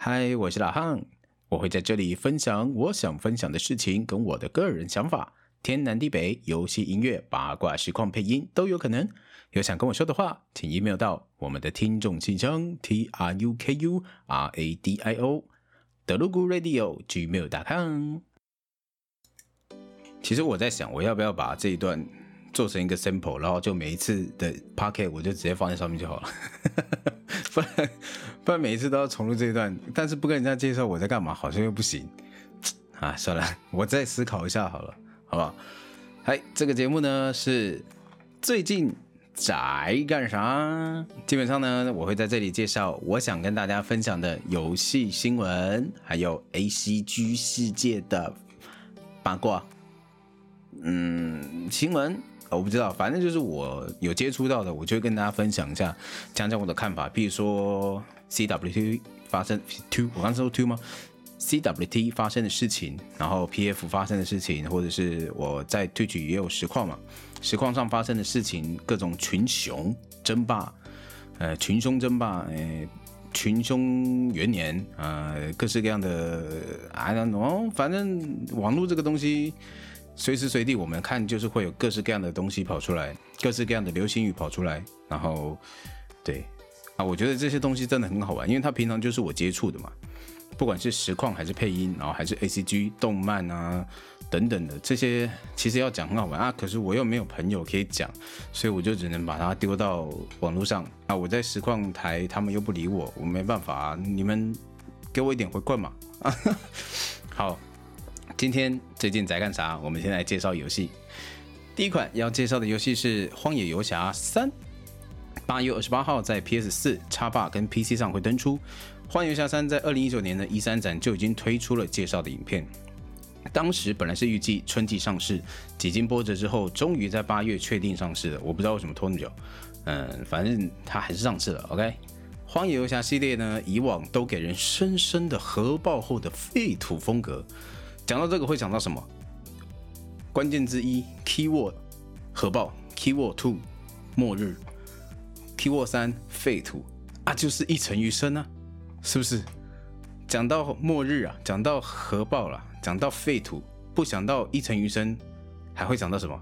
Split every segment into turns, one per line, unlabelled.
嗨，我是老漢，我會在這裡分享我想分享的事情跟我的個人想法，天南地北、遊戲音樂、八卦實況、配音都有可能。有想跟我說的話，請 email 到我們的聽眾信箱 T R U K U R A D I O 德魯固 radio gmail.com。其實我在想，我要不要把這一段做成一個 sample，然後就每一次的 pocket 我就直接放在上面就好了。 不然，不然每一次都要重錄這一段，但是不跟人家介紹我在幹嘛，好像又不行啊。算了，我再思考一下好了，好不好？哎，Hey，這個節目呢是最近宅幹啥？基本上呢，我會在這裡介紹我想跟大家分享的遊戲新聞，還有 ACG 世界的八卦，嗯，新聞。我不知道，反正就是我有接觸到的，我就會跟大家分享一下，講講我的看法。比如說 CWT 發生，two 我剛才說 two 嗎？CWT 發生的事情，然後 PF 發生的事情，或者是我在 Twitch 也有實況嘛？實況上發生的事情，各種群雄爭霸，呃，群雄爭霸，呃，群雄元年，呃，各式各樣的，I don't know, 反正網絡這個東西。隨時隨地，我們看就是會有各式各樣的東西跑出來，各式各樣的流行語跑出來，然後，對，啊，我覺得這些東西真的很好玩，因為它平常就是我接觸的嘛，不管是實況還是配音，然後還是 ACG 動漫啊等等的這些，其實要講很好玩啊，可是我又沒有朋友可以講，所以我就只能把它丟到網絡上啊，我在實況台他們又不理我，我沒辦法，啊，你們給我一點回饋嘛，啊哈，好。今天最近在幹啥？我們先來介紹遊戲。第一款要介紹的遊戲是《荒野遊俠三》，八月二十八號在 PS 四叉把跟 PC 上會登出。《荒野遊俠三》在二零一九年的一三展就已經推出了介紹的影片，當時本來是預計春季上市，幾經波折之後，終於在八月確定上市了。我不知道為什麼拖那麼久，嗯，反正它還是上市了。OK，《荒野遊俠》系列呢，以往都給人深深的核爆後的廢土風格。講到這個會講到什麼？關鍵之一，keyword 核爆，keyword two 末日，keyword 三廢土啊，就是《異塵餘生》啊，是不是？講到末日啊，講到核爆了，啊，講到廢土，不想到《異塵餘生》還會講到什麼？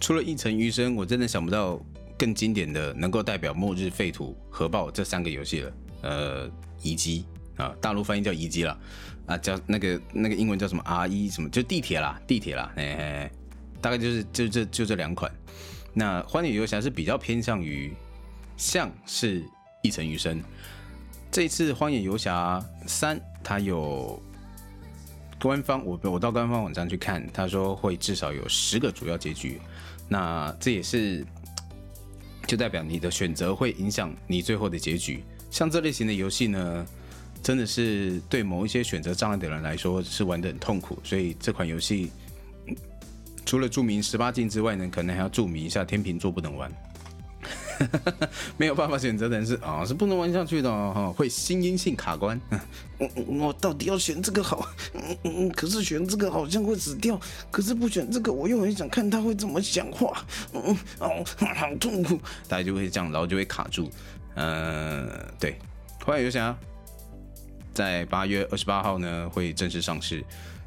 除了《異塵餘生》，我真的想不到更經典的能夠代表末日、廢土、核爆這三個遊戲了。呃，遺跡啊，大陸翻譯叫遺跡啦。啊，叫那個那個英文叫什麼？RE 什麼？就地鐵啦，地鐵啦，哎，大概就是就這就這兩款。那《荒野游俠》是比較偏向於，像是《異塵餘生》。這一次《荒野游俠》三，它有官方，我我到官方網站去看，他說會至少有十個主要結局。那這也是，就代表你的選擇會影響你最後的結局。像這類型的遊戲呢？真的是對某一些選擇障礙的人來說是玩的很痛苦，所以這款遊戲除了注明十八禁之外呢，可能還要注明一下天秤座不能玩。 沒有辦法選擇的人是啊、哦，是不能玩下去的哦。會心因性卡關。我我到底要選這個好？嗯嗯，可是選這個好像會死掉，可是不選這個我又很想看他會怎麼講話。嗯哦，好、嗯嗯、痛苦，大家就會這樣，然後就會卡住。嗯、呃，對，歡迎遊俠。在八月二十八號呢會正式上市。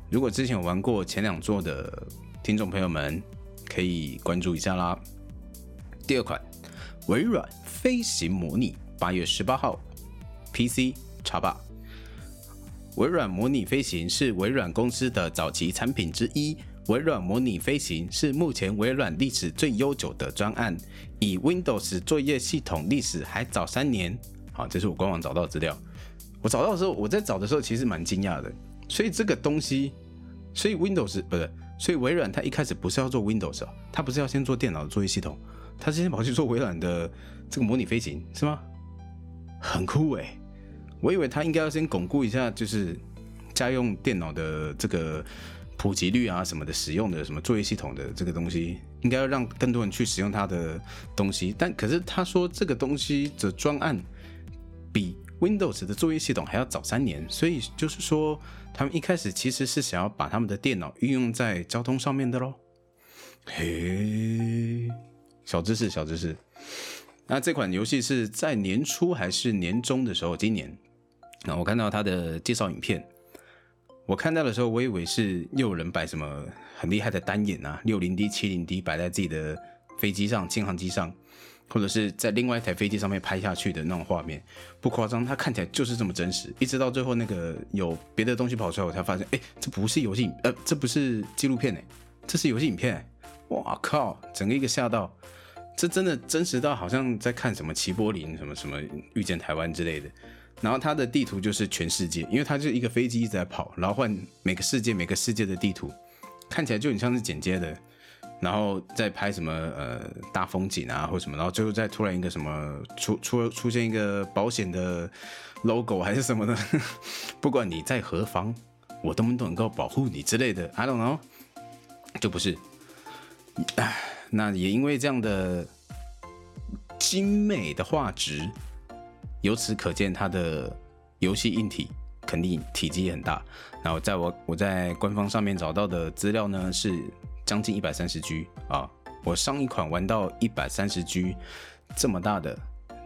如果之前有玩過前兩作的聽眾朋友們，可以關注一下啦。第二款，微軟飛行模擬，八月十八號，PC 叉八。微軟模擬飛行是微軟公司的早期產品之一。微軟模擬飛行是目前微軟歷史最悠久的專案，比 Windows 作業系統歷史還早三年。好，這是我官網找到的資料。我找到的時候，我在找的時候其實蠻驚訝的，所以這個東西，所以 Windows 不是，所以微軟它一開始不是要做 Windows，它不是要先做電腦的作業系統，它先跑去做微軟的這個模擬飛行是嗎？很酷誒、欸，我以為它應該要先鞏固一下，就是家用電腦的這個普及率啊什麼的使用的什麼作業系統的這個東西，應該要讓更多人去使用它的東西，但可是他說這個東西的專案比 Windows 的作業系統還要早三年，所以就是說，他們一開始其實是想要把他們的電腦運用在交通上面的嘍。嘿、hey，小知識，小知識。那這款遊戲是在年初還是年中的時候？今年？那我看到他的介紹影片，我看到的時候，我以為是又有人擺什麼很厲害的單眼啊，六零 D、七零 D 擺在自己的飛機上、輕航機上。或者是在另外一台飛機上面拍下去的那種畫面，不誇張，它看起來就是這麼真實。一直到最後那個有別的東西跑出來，我才發現，哎、欸，這不是遊戲，呃，這不是紀錄片呢、欸，這是遊戲影片、欸。哇靠，整個一個嚇到，這真的真實到好像在看什麼《齊柏林》什麼什麼《遇見台灣》之類的。然後它的地圖就是全世界，因為它就是一個飛機一直在跑，然後換每個世界每個世界的地圖，看起來就很像是剪接的。然後再拍什麼呃大風景啊，或什麼，然後最後再突然一個什麼出出出現一個保險的 logo 還是什麼的， 不管你在何方，我都能能夠保護你之類的。I don't know，就不是。唉， 那也因為這樣的精美的畫質，由此可見它的遊戲硬體肯定體積也很大。然後在我我在官方上面找到的資料呢是。將近一百三十 G 啊！我上一款玩到一百三十 G 這麼大的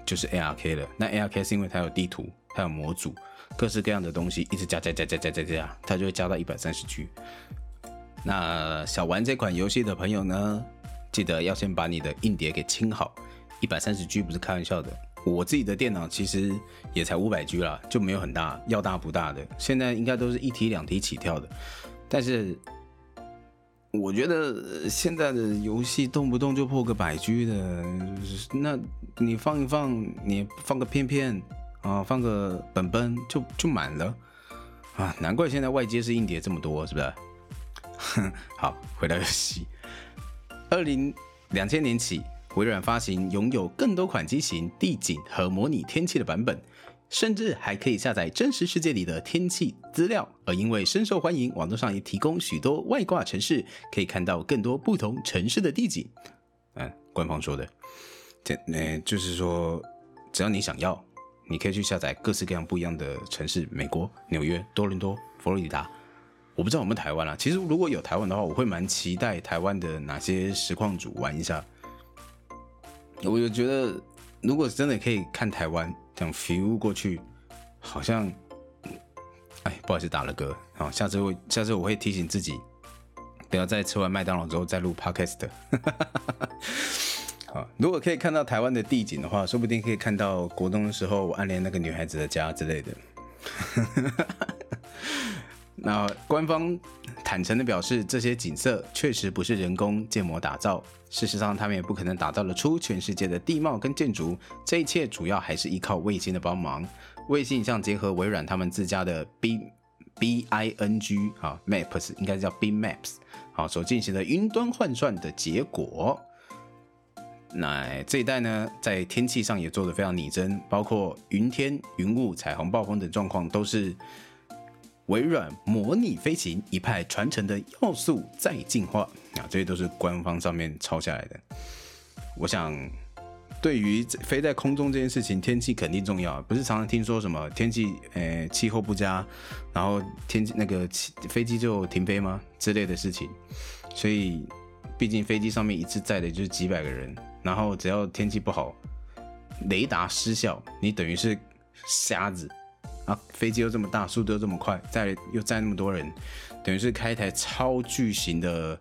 就是 ARK 了。那 ARK 是因為它有地圖，還有模組，各式各樣的東西一直加加加加加加加，它就會加到一百三十 G。那想玩這款遊戲的朋友呢，記得要先把你的硬碟給清好。一百三十 G 不是開玩笑的。我自己的電腦其實也才五百 G 啦，就沒有很大，要大不大的。現在應該都是一 T 兩 T 起跳的，但是。我覺得現在的遊戲動不動就破個百 G 的，那你放一放，你放個片片啊、哦，放個本本就就滿了啊，難怪現在外接式硬碟這麼多，是不是？ 好，回到遊戲。二零兩千年起，微軟發行擁有更多款機型、地景和模擬天氣的版本。甚至還可以下載真實世界裡的天氣資料，而因為深受歡迎，網絡上也提供許多外掛城市，可以看到更多不同城市的地景。嗯，官方說的，這嗯就是說，只要你想要，你可以去下載各式各樣不一樣的城市，美國、紐約、多倫多、佛羅里達。我不知道我們台灣啊，其實如果有台灣的話，我會蠻期待台灣的哪些實況主玩一下，我就覺得。如果真的可以看台灣，這樣 few 過去，好像，哎，不好意思，打了嗝。好，下次我下次我會提醒自己，不要再吃完麥當勞之後再錄 Podcast。哈。 如果可以看到台灣的地景的話，說不定可以看到國中的時候我暗戀那個女孩子的家之類的。 那官方坦誠的表示，這些景色，確實不是人工建模打造。事實上，他們也不可能打造得出全世界的地貌跟建築，這一切主要還是依靠衛星的幫忙。衛星影像結合微軟他們自家的 B B I N G 啊 Maps，應該叫 Bing Maps 所進行的雲端換算的結果。那這一代呢，在天氣上也做得非常擬真，包括雲天、雲霧、彩虹、暴風等狀況都是。微軟模擬飛行一派傳承的要素再進化啊，這些都是官方上面抄下來的。我想，對於飛在空中這件事情，天氣肯定重要。不是常常聽說什麼天氣誒氣候不佳，然後天氣那個、那個、飛飛機就停飛嗎？之類的事情。所以，畢竟飛機上面一次載的就是幾百個人，然後只要天氣不好，雷達失效，你等於是瞎子。啊，飛機又這麼大，速度又這麼快，載又載那麼多人，等於是開一台超巨型的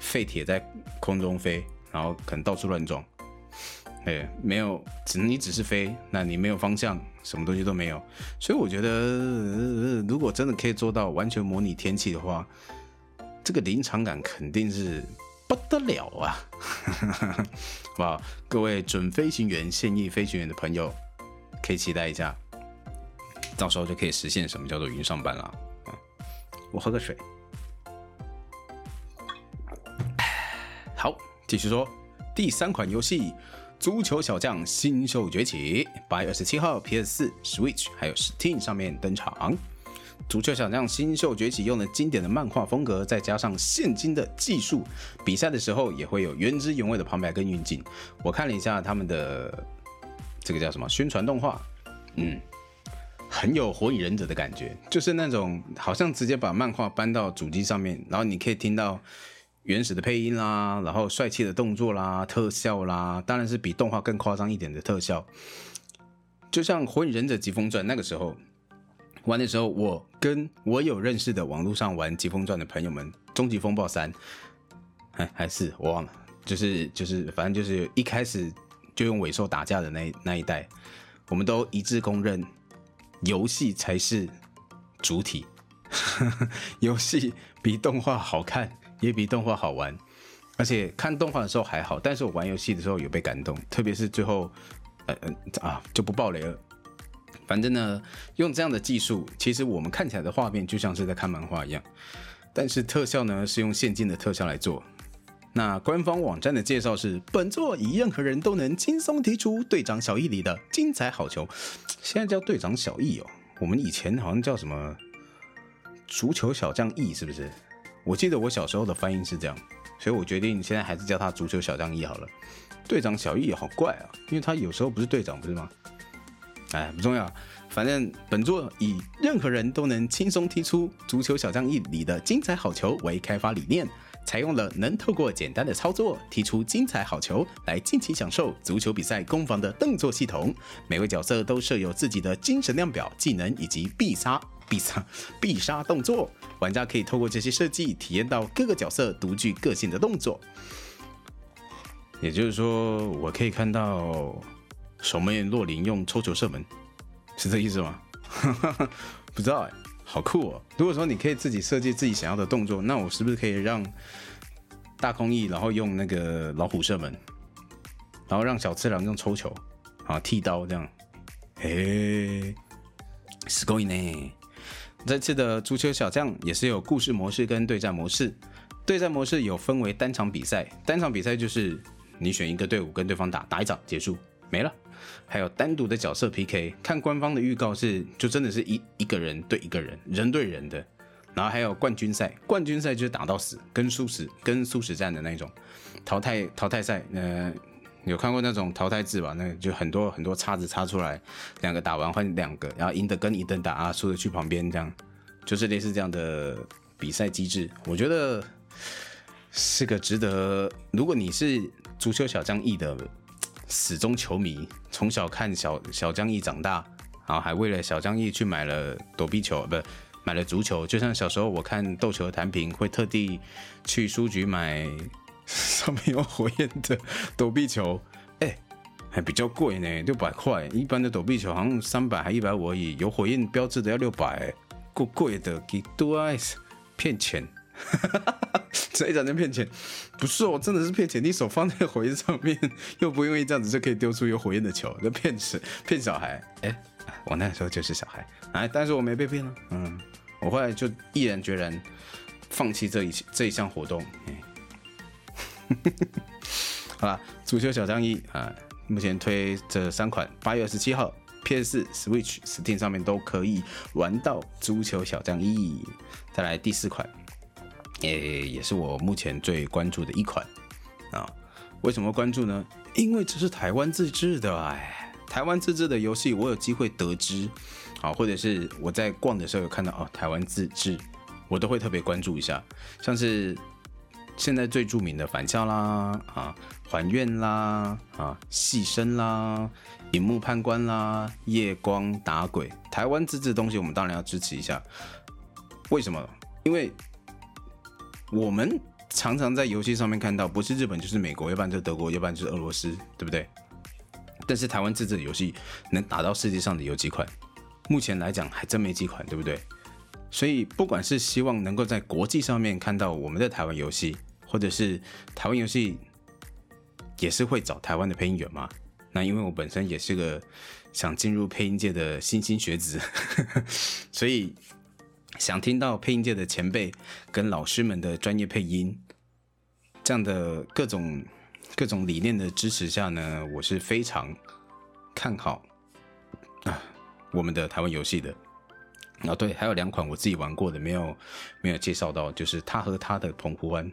廢鐵在空中飛，然後可能到處亂撞。哎，沒有，只能你只是飛，那你沒有方向，什麼東西都沒有。所以我覺得，呃，如果真的可以做到完全模擬天氣的話，這個臨場感肯定是不得了啊！哈哈哈，好不好？各位準飛行員、現役飛行員的朋友，可以期待一下。到時候就可以實現什麼叫做雲上班了。我喝個水。好，繼續說第三款遊戲《足球小將新秀崛起》，八月二十七號 PS 四、Switch 還有 Steam 上面登場。《足球小將新秀崛起》用了經典的漫畫風格，再加上現今的技術，比賽的時候也會有原汁原味的旁白跟運鏡。我看了一下他們的這個叫什麼宣傳動畫，嗯。很有火影忍者的感覺，就是那種好像直接把漫畫搬到主機上面，然後你可以聽到原始的配音啦，然後帥氣的動作啦、特效啦，當然是比動畫更誇張一點的特效。就像火影忍者疾風傳，那個時候玩的時候，我跟我有認識的網路上玩疾風傳的朋友們，終極風暴三，還還是我忘了，就是就是反正就是一開始就用尾獸打架的那那一代，我們都一致公認。遊戲才是主體，遊 戲比動畫好看，也比動畫好玩。而且看動畫的時候還好，但是我玩遊戲的時候有被感動，特別是最後、呃呃，啊，就不爆雷了。反正呢，用這樣的技術，其實我們看起來的畫面就像是在看漫畫一樣，但是特效呢，是用現今的特效來做。那官方網站的介紹是：本作以任何人都能輕鬆踢出隊長小翼裡的精彩好球，現在叫隊長小翼哦。我們以前好像叫什麼足球小將翼是不是？我記得我小時候的翻譯是這樣，所以我決定現在還是叫他足球小將翼好了。隊長小翼也好怪啊，因為他有時候不是隊長，不是嗎？哎，不重要，反正本作以任何人都能輕鬆踢出足球小將翼裡的精彩好球為開發理念。採用了能透過簡單的操作踢出精彩好球來盡情享受足球比賽攻防的動作系統。每位角色都設有自己的精神量表、技能以及必殺、必殺、必殺動作。玩家可以透過這些設計體驗到各個角色獨具個性的動作。也就是說，我可以看到守門員洛林用抽球射門，是這意思嗎？哈哈，哈，不知道錯、欸。好酷哦！如果說你可以自己設計自己想要的動作，那我是不是可以讓大空翼，然後用那個老虎射門，然後讓小次郎用抽球啊剃刀這樣？誒，すごいね，這次的足球小將也是有故事模式跟對戰模式，對戰模式有分為單場比賽，單場比賽就是你選一個隊伍跟對方打，打一場結束。沒了，還有單獨的角色 PK，看官方的預告是就真的是一一個人對一個人，人對人的，然後還有冠軍賽，冠軍賽就是打到死，跟輸死，跟輸死戰的那種，淘汰淘汰賽，呃，有看過那種淘汰制吧？那就很多很多叉子叉出來，兩個打完換兩個，然後贏的跟贏的打，啊輸的去旁邊，這樣就是類似這樣的比賽機制，我覺得是個值得，如果你是足球小將翼的。死忠球迷，從小看小小將翼長大，然後還為了小將翼去買了躲避球，不，買了足球。就像小時候我看鬥球兒彈平，會特地去書局買 上面有火焰的躲避球，哎、欸，還比較貴呢，六百塊。一般的躲避球好像三百還一百五而已，有火焰標誌的要六百，夠貴的，給多少？騙錢。哈哈，這一整就騙錢，不是我、哦、真的是騙錢。你手放在火焰上面，又不願意這樣子就可以丟出有火焰的球，那騙誰，騙小孩。哎、欸，我那時候就是小孩，哎，但是我沒被騙了。嗯，我後來就毅然決然放棄這一這一項活動。欸、 好啦，足球小將一啊，目前推這三款，八月二十七號，PS、PS4, Switch、Steam 上面都可以玩到足球小將一。再來第四款。誒，也是我目前最關注的一款啊！為什麼關注呢？因為這是台灣自制的哎，台灣自制的遊戲，我有機會得知，啊，或者是我在逛的時候有看到哦，台灣自制，我都會特別關注一下。像是現在最著名的返校啦，啊，還願啦，啊，戲生啦，螢幕判官啦，夜光打鬼，台灣自制的東西，我們當然要支持一下。為什麼？因為。我們常常在遊戲上面看到，不是日本就是美國，要不然就是德國，要不然就是俄羅斯，對不對？但是台灣自製的遊戲能達到世界上的有幾款？目前來講還真沒幾款，對不對？所以不管是希望能夠在國際上面看到我們的台灣遊戲，或者是台灣遊戲也是會找台灣的配音員嘛，那因為我本身也是個想進入配音界的新興學子，所以。想聽到配音界的前輩跟老師們的專業配音，這樣的各種各種理念的支持下呢，我是非常看好啊我們的台灣遊戲的。啊、哦，對，還有兩款我自己玩過的，沒有沒有介紹到，就是《他和他的澎湖灣》，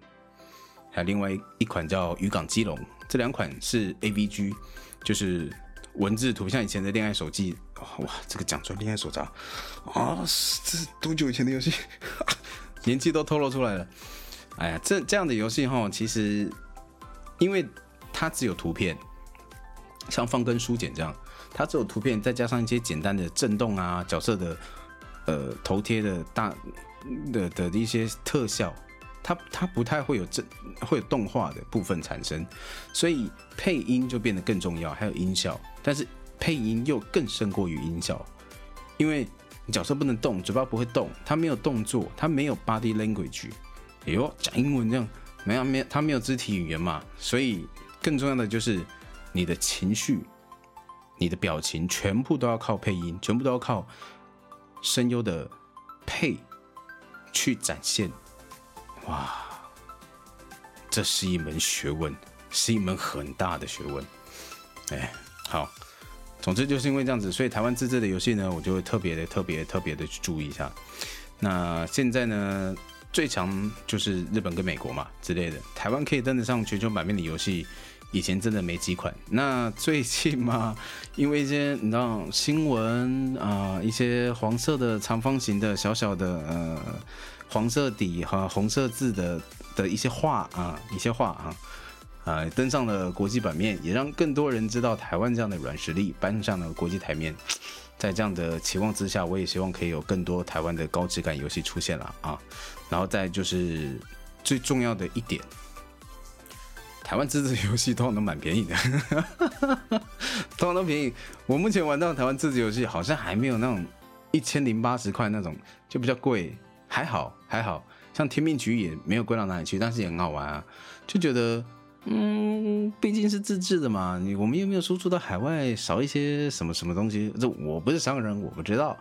還有另外一款叫《漁港基隆》，這兩款是 AVG，就是。文字圖像，以前的戀愛手機，哇，這個講出來戀愛手札，啊，這是多久以前的遊戲？ 年紀都透露出來了。哎呀，這這樣的遊戲哈，其實，因為它只有圖片，像方根書簡這樣，它只有圖片，再加上一些簡單的震動啊，角色的呃頭貼的大的的，的一些特效，它它不太會有這會有動畫的部分產生，所以配音就變得更重要，還有音效。但是配音又更勝過於音效，因為你角色不能動，嘴巴不會動，他沒有動作，他沒有 body language，哎呦，講英文這樣，沒有沒有他沒有肢體語言嘛，所以更重要的就是你的情緒、你的表情全部都要靠配音，全部都要靠聲優的配去展現。哇，這是一門學問，是一門很大的學問，哎。好，總之就是因為這樣子，所以台灣自製的遊戲呢，我就會特別的、特別、特別的去注意一下。那現在呢，最強就是日本跟美國嘛之類的。台灣可以登得上全球版面的遊戲，以前真的沒幾款。那最近嘛，因為一些你知道新聞啊、呃，一些黃色的長方形的小小的呃黃色底和紅色字的的一些畫啊、呃，一些畫啊。啊、呃，登上了國際版面，也讓更多人知道台灣這樣的軟實力搬上了國際台面。在這樣的期望之下，我也希望可以有更多台灣的高質感遊戲出現了啊。然後再就是最重要的一點，台灣自制遊戲通常都蠻便宜的，通常都便宜。我目前玩到台灣自制遊戲，好像還沒有那種一千零八十塊那種就比較貴，還好還好，像《天命局》也沒有貴到哪裡去，但是也很好玩啊，就覺得。嗯，畢竟是自制的嘛，你，我們又沒有輸出到海外，少一些什麼什麼東西？這我不是商人，我不知道。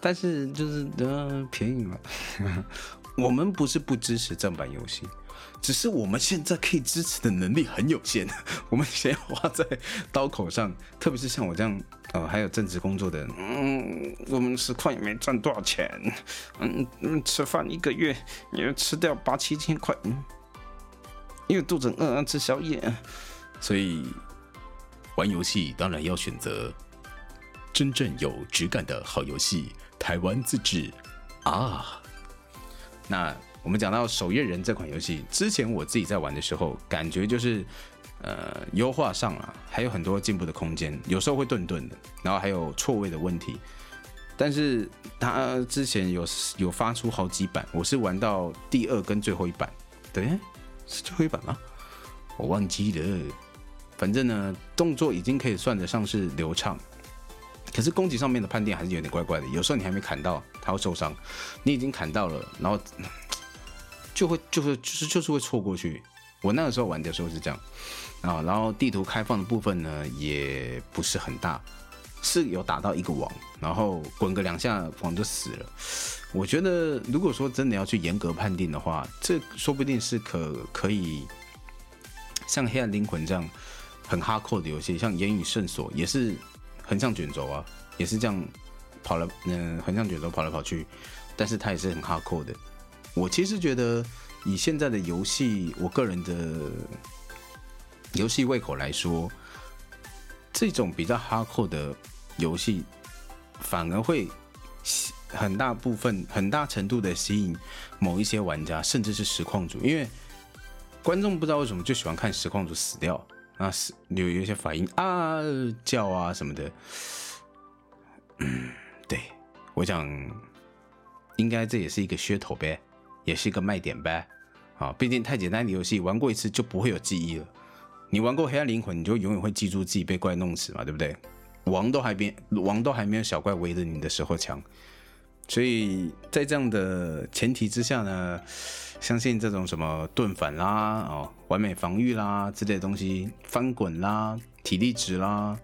但是就是、呃、便宜嘛。 我們不是不支持正版遊戲，只是我們現在可以支持的能力很有限。我們錢，花在刀口上，特別是像我這樣呃，還有正職工作的人，嗯，我們實況也沒賺多少錢，嗯嗯，吃飯一個月也要吃掉八七千塊。嗯因為肚子很餓啊，吃宵夜，所以玩遊戲當然要選擇真正有質感的好遊戲。台灣自制啊，那我們講到《守夜人》這款遊戲，之前我自己在玩的時候，感覺就是呃，優化上啊，還有很多進步的空間，有時候會頓頓的，然後還有錯位的問題。但是他之前有有發出好幾版，我是玩到第二跟最後一版，對。是最後一版嗎？我忘記了。反正呢，動作已經可以算得上是流暢，可是攻擊上面的判定還是有點怪怪的。有時候你還沒砍到，他會受傷；你已經砍到了，然後就會就會就是就是會錯過去。我那個時候玩的時候是這樣啊。然後地圖開放的部分呢，也不是很大。是有打到一個王，然後滾個兩下，王就死了。我覺得，如果說真的要去嚴格判定的話，這說不定是可可以像《黑暗靈魂》這樣很 hardcore 的遊戲，像《鹽與聖所》也是橫向卷軸啊，也是這樣跑了，嗯、呃，橫向卷軸跑來跑去，但是它也是很 hardcore 的。我其實覺得，以現在的遊戲，我個人的遊戲胃口來說。這種比較 hardcore 的遊戲，反而會很大部分、很大程度的吸引某一些玩家，甚至是實況主，因為觀眾不知道為什麼就喜歡看實況主死掉啊，有有一些反應啊叫啊什麼的。嗯，對，我想，應該這也是一個噱頭唄，也是一個賣點唄。啊，畢竟太簡單的遊戲，玩過一次就不會有記憶了。你玩過《黑暗靈魂》，你就永遠會記住自己被怪弄死嘛，對不對？王都還沒，王都還沒有小怪圍着你的時候強。所以在這樣的前提之下呢，相信這種什麼盾反啦、哦，完美防御啦之類的東西，翻滾啦、體力值啦，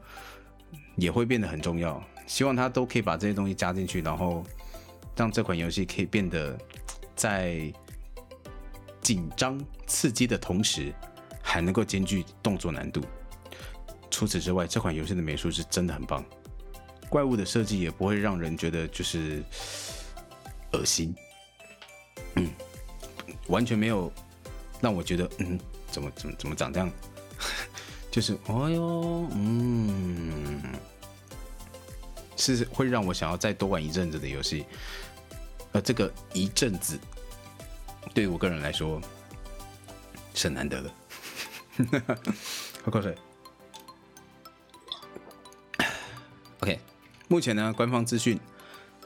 也會變得很重要。希望他都可以把這些東西加進去，然後讓這款遊戲可以變得在緊張刺激的同時。還能夠兼具動作難度。除此之外，這款遊戲的美術是真的很棒，怪物的設計也不會讓人覺得就是噁心。嗯，完全沒有讓我覺得嗯，怎麼怎麼怎麼長這樣，就是哦呦，嗯，是會讓我想要再多玩一陣子的遊戲。而這個一陣子，對我個人來說是難得的。喝 口水。OK，目前呢，官方資訊，《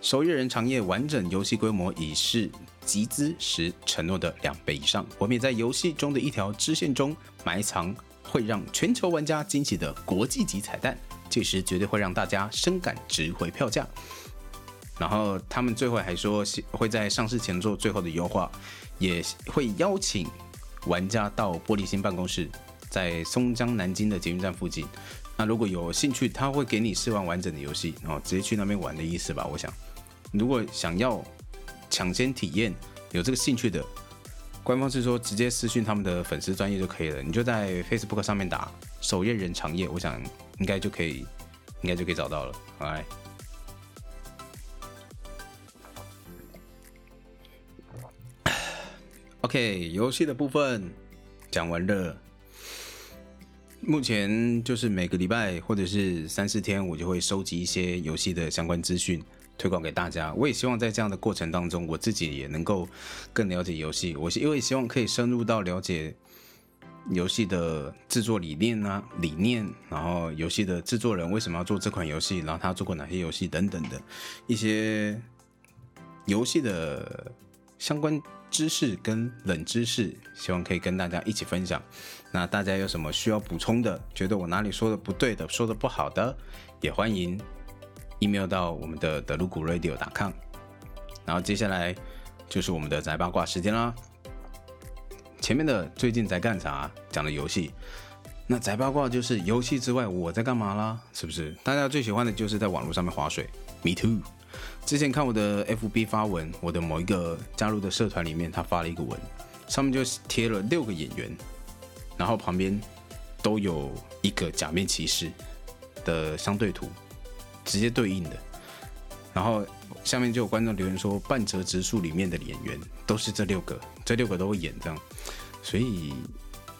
守夜人長夜》完整遊戲規模已是集資時承諾的兩倍以上。我們也在遊戲中的一條支線中埋藏會讓全球玩家驚喜的國際級彩蛋，屆時絕對會讓大家深感值回票價。然後他們最後還說，會在上市前做最後的優化，也會邀請。玩家到玻璃心辦公室，在松江南京的捷運站附近。那如果有興趣，他會給你試玩完整的遊戲，然、哦、後直接去那邊玩的意思吧？我想，如果想要搶先體驗，有這個興趣的，官方是說直接私訊他們的粉絲專頁就可以了。你就在 Facebook 上面打“守夜人長夜”，我想應該就可以，應該就可以找到了。好來。OK，遊戲的部分講完了。目前就是每個禮拜或者是三四天，我就會收集一些遊戲的相關資訊，推廣給大家。我也希望在這樣的過程當中，我自己也能夠更了解遊戲。我是因為希望可以深入到了解遊戲的制作理念啊，理念，然後遊戲的制作人為什麼要做這款遊戲，然後他做過哪些遊戲等等的一些遊戲的。相關知識跟冷知識，希望可以跟大家一起分享。那大家有什麼需要補充的，覺得我哪裡說的不對的，說的不好的，也歡迎 email 到我們的德魯固 radio.com。然後接下來就是我們的宅八卦時間啦。前面的最近在幹啥？講的遊戲，那宅八卦就是遊戲之外我在幹嘛啦？是不是？大家最喜歡的就是在網絡上面划水。Me too。之前看我的 FB 發文，我的某一個加入的社團裡面，他發了一個文，上面就貼了六個演員，然後旁邊都有一個假面騎士的相對圖，直接對應的。然後下面就有觀眾留言說，半澤直樹裡面的演員都是這六個，這六個都會演這樣，所以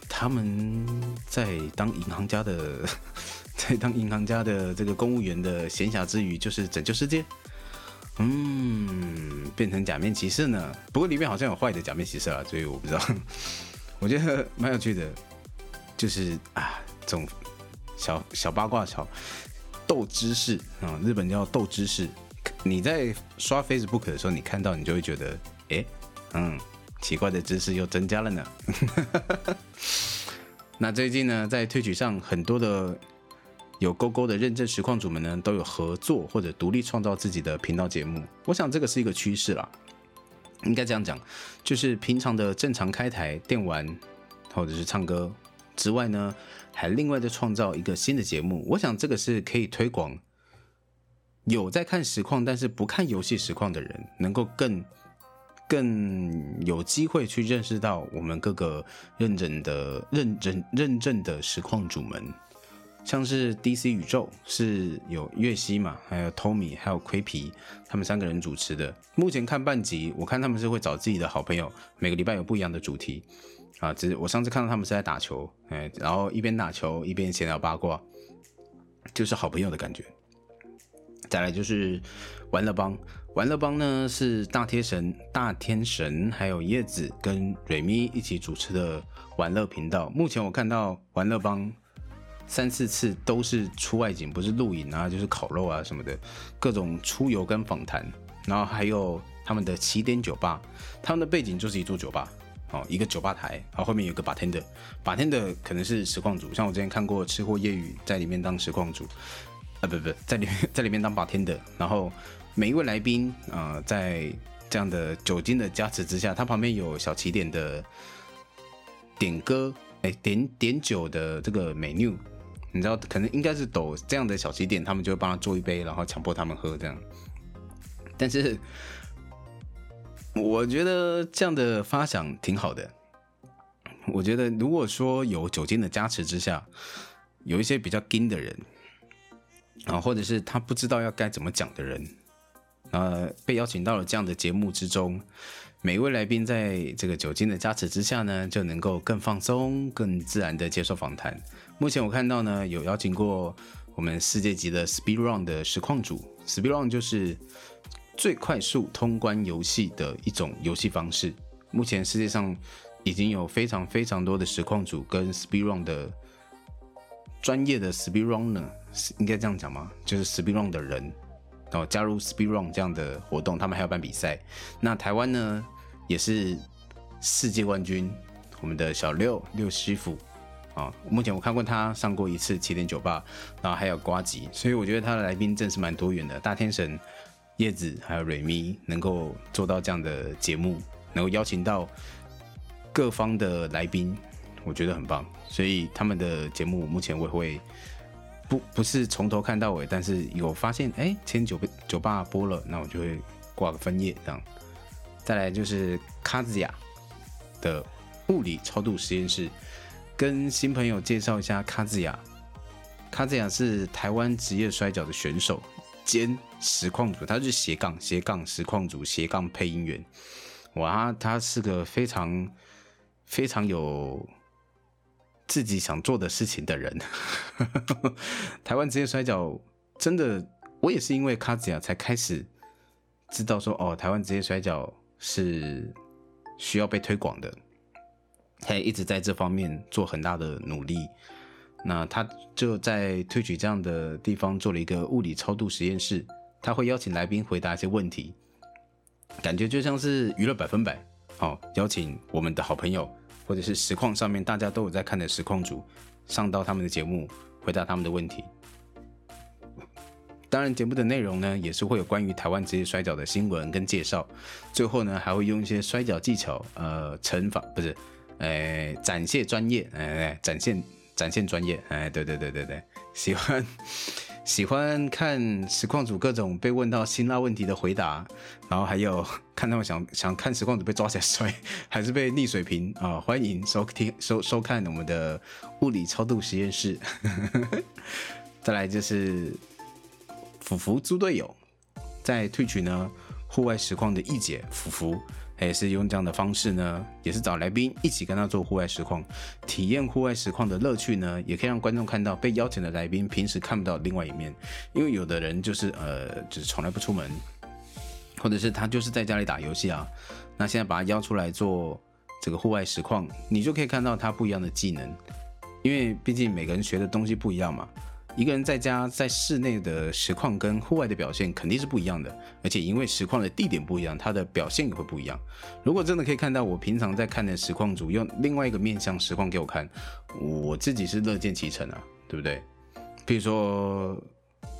他們在當銀行家的，在當銀行家的這個公務員的閒暇之餘，就是拯救世界。嗯，變成假面騎士呢？不過裡面好像有壞的假面騎士啊，所以我不知道。我覺得蠻有趣的，就是啊，這種小小八卦小豆知識啊，日本叫豆知識。你在刷 Facebook 的時候，你看到你就會覺得，誒、欸、嗯，奇怪的知識又增加了呢。 那最近呢，在推舉上很多的。有勾勾的認證實況主們呢，都有合作或者獨立創造自己的頻道節目。我想這個是一個趨勢啦，應該這樣講，就是平常的正常開台電玩或者是唱歌之外呢，還另外再創造一個新的節目。我想這個是可以推廣，有在看實況但是不看遊戲實況的人，能夠更更有機會去認識到我們各個認證的認證認證的實況主們。像是 DC 宇宙是有月西嘛，還有 Tommy，還有奎皮，他們三個人主持的。目前看半集，我看他們是會找自己的好朋友，每個禮拜有不一樣的主題啊。只是我上次看到他們是在打球，哎、欸，然後一邊打球一邊閒聊八卦，就是好朋友的感覺。再來就是玩樂幫，玩樂幫呢是大天神、大天神還有葉子跟蕊咪一起主持的玩樂頻道。目前我看到玩樂幫三四次都是出外景，不是露營啊，就是烤肉啊什麼的，各種出遊跟訪談。然後還有他們的起點酒吧，他們的背景就是一座酒吧，哦，一個酒吧台，好，後面有個 bartender，bartender 可能是實況主，像我之前看過吃貨夜雨在裡面當實況主，啊、呃，不不，在裡面在裡面當 bartender，然後每一位來賓啊、呃，在這樣的酒精的加持之下，他旁邊有小起點的點歌，哎、欸，點點酒的這個 menu。你知道，可能應該是抖這樣的小氣店，他們就會幫他做一杯，然後強迫他們喝這樣。但是，我覺得這樣的發想挺好的。我覺得，如果說有酒精的加持之下，有一些比較硬的人，然後或者是他不知道要該怎麼講的人，呃，被邀請到了這樣的節目之中，每一位來賓在這個酒精的加持之下呢，就能夠更放鬆、更自然的接受訪談。目前我看到呢，有邀請過我們世界級的 Speed Run 的實況主。Speed Run 就是最快速通關遊戲的一種遊戲方式。目前世界上已經有非常非常多的實況主跟 Speed Run 的專業的 Speed Runner，是應該這樣講嗎？就是 Speed Run 的人哦，然後加入 Speed Run 這樣的活動，他們還要辦比賽。那台灣呢，也是世界冠軍，我們的小六六師傅。啊、哦，目前我看過他上過一次《七點酒吧》，然後還有呱吉，所以我覺得他的來賓真是蠻多元的。大天神、葉子還有瑞咪能夠做到這樣的節目，能夠邀請到各方的來賓，我覺得很棒。所以他們的節目，目前我也會不不是從頭看到尾，但是有發現哎，欸《七點酒吧》酒吧播了，那我就會掛個分頁這樣。再來就是卡子雅的物理超度實驗室。跟新朋友介紹一下卡子雅。卡子雅是台灣職業摔角的選手兼實況主，他是斜槓斜槓實況主斜槓配音員。哇，他，他是個非常非常有自己想做的事情的人。 台灣職業摔角真的，我也是因為卡子雅才開始知道說哦，台灣職業摔角是需要被推廣的。他、hey, 也一直在這方面做很大的努力。那他就在 Twitch 這樣的地方做了一個物理超度實驗室。他會邀請來賓回答一些問題，感覺就像是娛樂百分百。好、哦，邀請我們的好朋友，或者是實況上面大家都有在看的實況主上到他們的節目，回答他們的問題。當然，節目的內容呢，也是會有關於台灣職業摔角的新聞跟介紹。最後呢，還會用一些摔角技巧，呃，懲罰，不是。哎、欸，展現專業，哎、欸、展現展現專業，哎、欸，對對對對對，喜歡喜歡看實況主各種被問到辛辣問題的回答，然後還有看到想想看實況主被抓起來摔，還是被溺水瓶啊、呃，歡迎收聽收收看我們的物理超度實驗室。 再來就是輔輔豬隊友，在 Twitch 呢戶外實況的一姐輔輔。伏伏也是用這樣的方式呢，也是找來賓一起跟他做戶外實況，體驗戶外實況的樂趣呢，也可以讓觀眾看到被邀請的來賓平時看不到另外一面，因為有的人就是呃，就是從來不出門，或者是他就是在家裡打遊戲啊，那現在把他邀出來做這個戶外實況，你就可以看到他不一樣的技能，因為畢竟每個人學的東西不一樣嘛。一個人在家在室內的實況跟戶外的表現肯定是不一樣的，而且因為實況的地點不一樣，他的表現也會不一樣。如果真的可以看到我平常在看的實況主用另外一個面向實況給我看，我自己是樂見其成啊，對不對？譬如說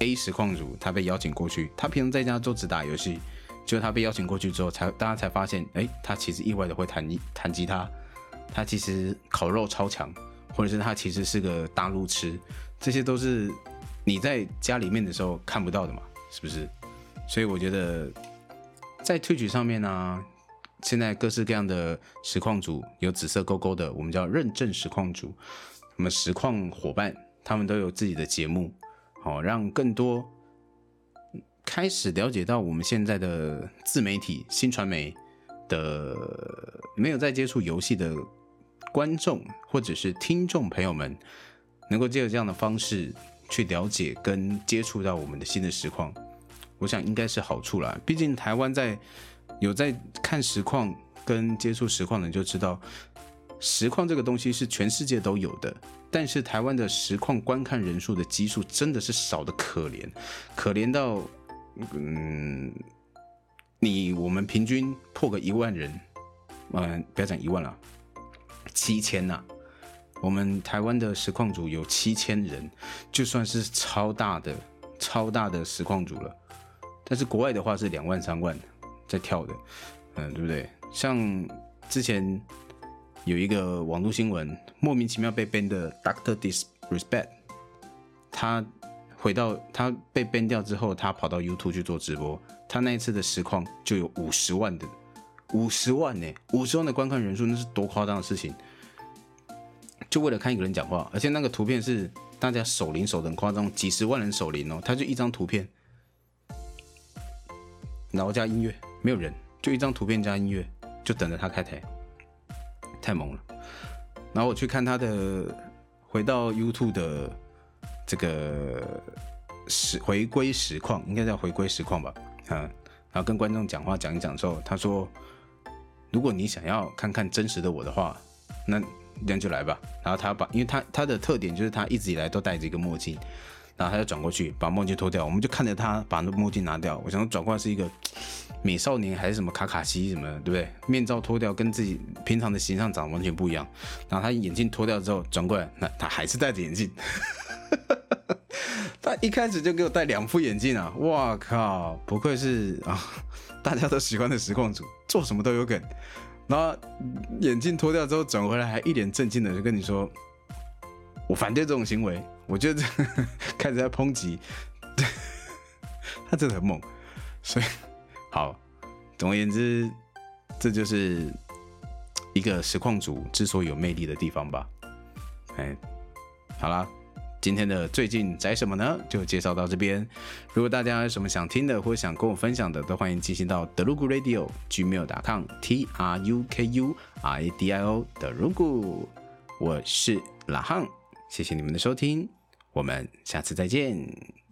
A 實況主他被邀請過去，他平常在家都只打遊戲，就他被邀請過去之後，才大家才發現，哎，他其實意外的會彈彈吉他，他其實烤肉超強，或者是他其實是個大路痴。這些都是你在家裡面的時候看不到的嘛，是不是？所以我覺得在 Twitch 上面呢、啊，現在各式各樣的實況主，有紫色勾勾的，我們叫認證實況主，我們實況夥伴，他們都有自己的節目，好、哦，讓更多開始了解到我們現在的自媒體、新傳媒的沒有在接觸遊戲的觀眾或者是聽眾朋友們。能夠借着這樣的方式去了解跟接觸到我們的新的實況，我想應該是好處了。畢竟台灣在有在看實況跟接觸實況的你就知道，實況這個東西是全世界都有的，但是台灣的實況觀看人數的基數真的是少得可憐，可憐到嗯，你我們平均破個一萬人，嗯、呃，不要講一萬了，七千吶。我們台灣的實況組有七千人，就算是超大的，超大的實況組了。但是國外的話是兩萬、三萬在跳的，嗯，對不對？像之前有一個網絡新聞，莫名其妙被 ban 的 Dr. Disrespect，他回到他被 ban 掉之後，他跑到 YouTube 去做直播，他那一次的實況就有五十萬的，五十萬呢，欸，五十萬的觀看人數，那是多誇張的事情！就為了看一個人講話，而且那個圖片是大家守靈守得很誇張，幾十萬人守靈哦，他就一張圖片，然後加音樂，沒有人，就一張圖片加音樂，就等着他開台，太猛了。然後我去看他的，回到 YouTube 的這個回實回歸實況，應該叫回歸實況吧，啊，然後跟觀眾講話講一講之後，他說：“如果你想要看看真實的我的話，那……”這樣就來吧，然後他要把，因為他他的特點就是他一直以來都戴着一個墨鏡，然後他就轉過去把墨鏡脫掉，我們就看着他把那墨鏡拿掉。我想說轉過來是一個美少年還是什麼卡卡西什麼的，對不對？面罩脫掉跟自己平常的形象長完全不一樣。然後他眼鏡脫掉之後轉過來，那他，他還是戴着眼鏡。 他一開始就給我戴兩副眼鏡啊！哇靠，不愧是啊、哦、大家都喜歡的實況主，做什麼都有梗。然後眼鏡脫掉之後轉回來，還一臉震驚的就跟你說：“我反對這種行為，我覺得這呵呵開始在抨擊，對，他真的很猛。”所以，好，總而言之，這就是一個實況主之所以有魅力的地方吧。哎，好啦。今天的最近宅什麼呢？就介紹到這邊。如果大家有什麼想聽的，或想跟我分享的，都歡迎進行到德魯固 Radio Gmail. com T R U K U R A D I O 德魯固，我是拉漢，謝謝你們的收聽，我們下次再見。